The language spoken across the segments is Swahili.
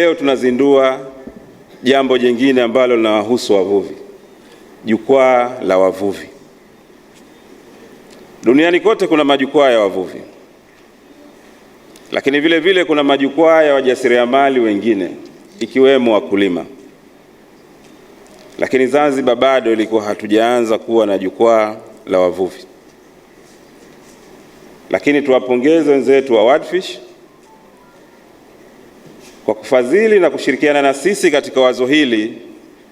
Leo tunazindua jambo jingine ambalo linawahusu wavuvi, jukwaa la wavuvi. Duniani kote kuna majukwaa ya wavuvi, lakini vile vile kuna majukwaa ya wajasiriamali wengine ikiwemo wakulima, lakini Zanzibar bado ilikuwa hatujaanza kuwa na jukwaa la wavuvi. Lakini tuwapongeze wenzetu wa Wadfish kwa kufadhili na kushirikiana na sisi katika wazo hili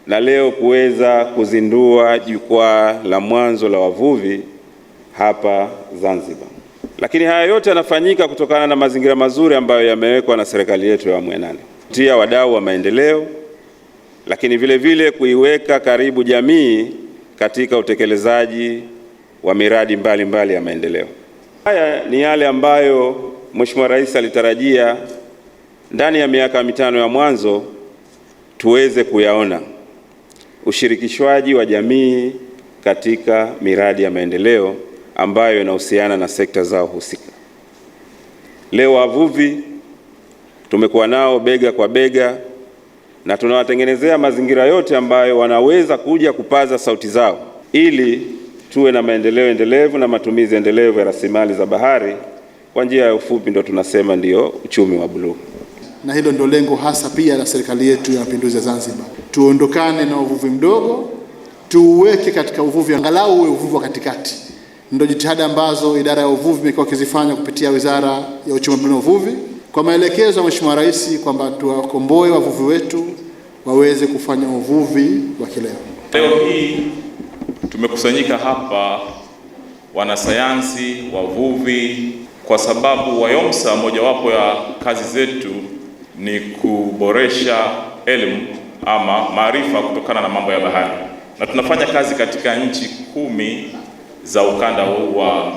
na leo kuweza kuzindua jukwaa la mwanzo la wavuvi hapa Zanzibar. Lakini haya yote yanafanyika kutokana na mazingira mazuri ambayo yamewekwa na serikali yetu ya awamu ya nane wadau wa maendeleo, lakini vile vile kuiweka karibu jamii katika utekelezaji wa miradi mbalimbali mbali ya maendeleo. Haya ni yale ambayo Mheshimiwa Rais alitarajia ndani ya miaka mitano ya mwanzo tuweze kuyaona ushirikishwaji wa jamii katika miradi ya maendeleo ambayo inahusiana na sekta zao husika. Leo wavuvi tumekuwa nao bega kwa bega na tunawatengenezea mazingira yote ambayo wanaweza kuja kupaza sauti zao ili tuwe na maendeleo endelevu na matumizi endelevu ya rasilimali za bahari. Kwa njia ya ufupi, ndo tunasema ndiyo uchumi wa buluu na hilo ndio lengo hasa pia la serikali yetu ya mapinduzi ya Zanzibar. Tuondokane na uvuvi mdogo, tuuweke katika uvuvi angalau uwe uvuvi wa katikati. Ndio jitihada ambazo idara ya uvuvi imekuwa ikizifanya kupitia wizara ya uchumi na uvuvi kwa maelekezo ya Mheshimiwa Rais kwamba tuwakomboe wavuvi wetu waweze kufanya uvuvi wa kileo. Leo hii tumekusanyika hapa wanasayansi, wavuvi, kwa sababu WAYOMSA mojawapo ya kazi zetu ni kuboresha elimu ama maarifa kutokana na mambo ya bahari, na tunafanya kazi katika nchi kumi za ukanda huu wa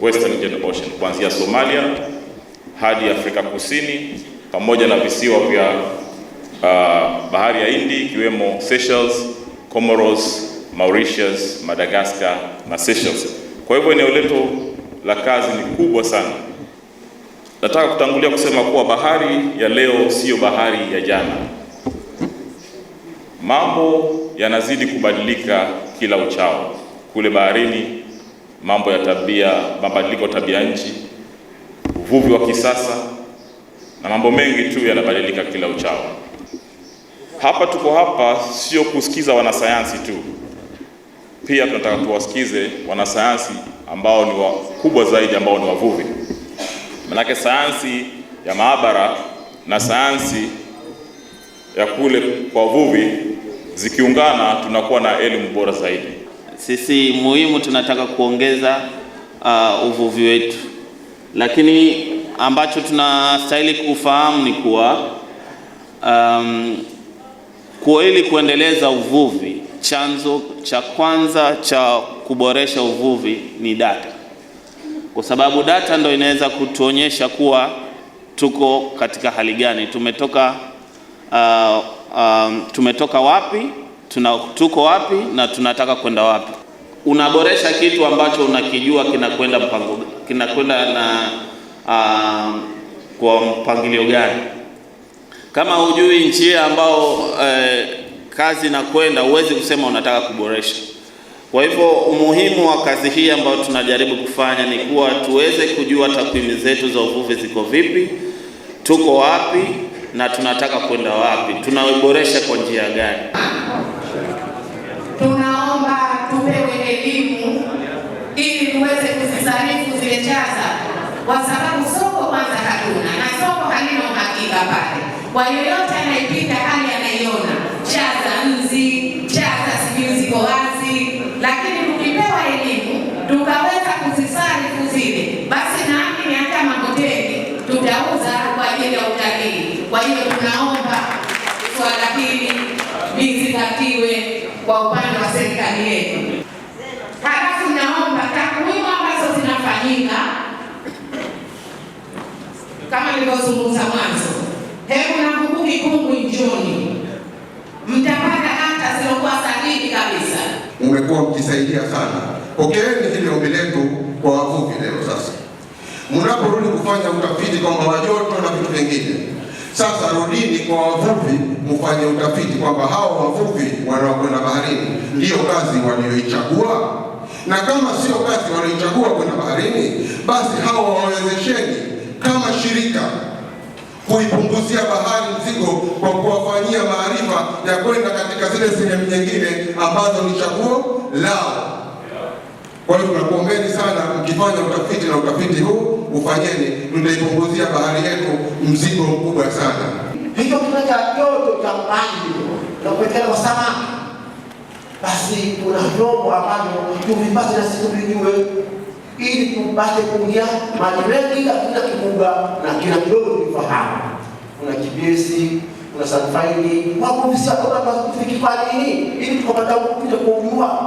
Western Indian Ocean kuanzia Somalia hadi Afrika Kusini pamoja na visiwa vya uh, bahari ya Hindi ikiwemo Seychelles, Comoros, Mauritius, Madagascar na Seychelles. Kwa hivyo eneo letu la kazi ni kubwa sana. Nataka kutangulia kusema kuwa bahari ya leo siyo bahari ya jana. Mambo yanazidi kubadilika kila uchao kule baharini, mambo ya tabia, mabadiliko tabia nchi, uvuvi wa kisasa na mambo mengi tu yanabadilika kila uchao. Hapa tuko hapa sio kusikiza wanasayansi tu, pia tunataka tuwasikize wanasayansi ambao ni wakubwa zaidi, ambao ni wavuvi. Manake sayansi ya maabara na sayansi ya kule kwa uvuvi zikiungana, tunakuwa na elimu bora zaidi. Sisi muhimu tunataka kuongeza uh, uvuvi wetu, lakini ambacho tunastahili kufahamu ni kuwa um, kwa ili kuendeleza uvuvi, chanzo cha kwanza cha kuboresha uvuvi ni data kwa sababu data ndo inaweza kutuonyesha kuwa tuko katika hali gani, tumetoka uh, uh, tumetoka wapi, tuna, tuko wapi na tunataka kwenda wapi. Unaboresha kitu ambacho unakijua kinakwenda mpango kinakwenda na uh, kwa mpangilio gani. Kama hujui njia ambao uh, kazi inakwenda, huwezi kusema unataka kuboresha. Kwa hivyo umuhimu wa kazi hii ambayo tunajaribu kufanya ni kuwa tuweze kujua takwimu zetu za uvuvi ziko vipi, tuko wapi na tunataka kwenda wapi, tunaiboresha kwa njia gani. Tunaomba tupewe elimu ili tuweze kuzisarifu zile chaza, kwa sababu soko kwanza hakuna na soko halina uhakika pale. Kwa yoyote anayepita hali anaiona chaza nzi kwa upande wa serikali yetu. Halafu naomba takwimu ambazo zinafanyika kama nilivyozungumza mwanzo, hebu na kukuki kungu njoni, mtapata hata zilokuwa sahihi kabisa. Umekuwa mkisaidia sana, pokeeni hili ombi letu kwa wavuvi leo. Sasa mnaporudi kufanya utafiti kwa mawajoto na vitu vingine sasa rudini kwa wavuvi, mfanye utafiti kwamba hao wavuvi wanaokwenda baharini ndiyo kazi walioichagua, na kama sio kazi walioichagua kwenda baharini, basi hao wawawezesheni kama shirika kuipunguzia bahari mzigo kwa kuwafanyia maarifa ya kwenda katika zile sehemu nyingine ambazo ni chaguo lao. Kwa hiyo tunakuombeni sana mkifanya utafiti na utafiti huu ufanyeni, tutaipunguzia bahari yetu mzigo mkubwa sana. Hicho kina cha joto cha maji na kupelekea samaki, basi kuna vyombo ambavyo tuvipate na sisi tuvijue, ili tupate kuingia maji mengi ya kila kibuga na kila kidogo tulifahamu. Kuna GPS kuna sanfaini wakuvisakona kufikifani ili tukapata kuja kujua